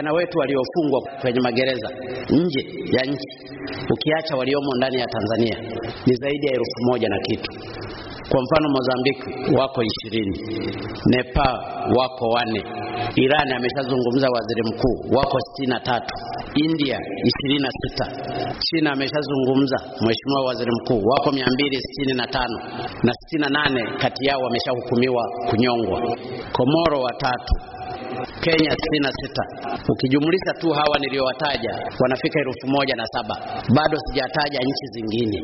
Vijana wetu waliofungwa kwenye magereza nje ya nchi, ukiacha waliomo ndani ya Tanzania ni zaidi ya elfu moja na kitu. Kwa mfano Mozambiki wako ishirini, Nepal wako wane, Irani ameshazungumza waziri mkuu wako sitini na tatu, India ishirini na sita, China ameshazungumza mheshimiwa waziri mkuu wako mia mbili sitini na tano na sitini na nane kati yao wameshahukumiwa kunyongwa, Komoro watatu Kenya sitini na sita. Ukijumlisha tu hawa niliowataja wanafika elfu moja na saba. Bado sijataja nchi zingine.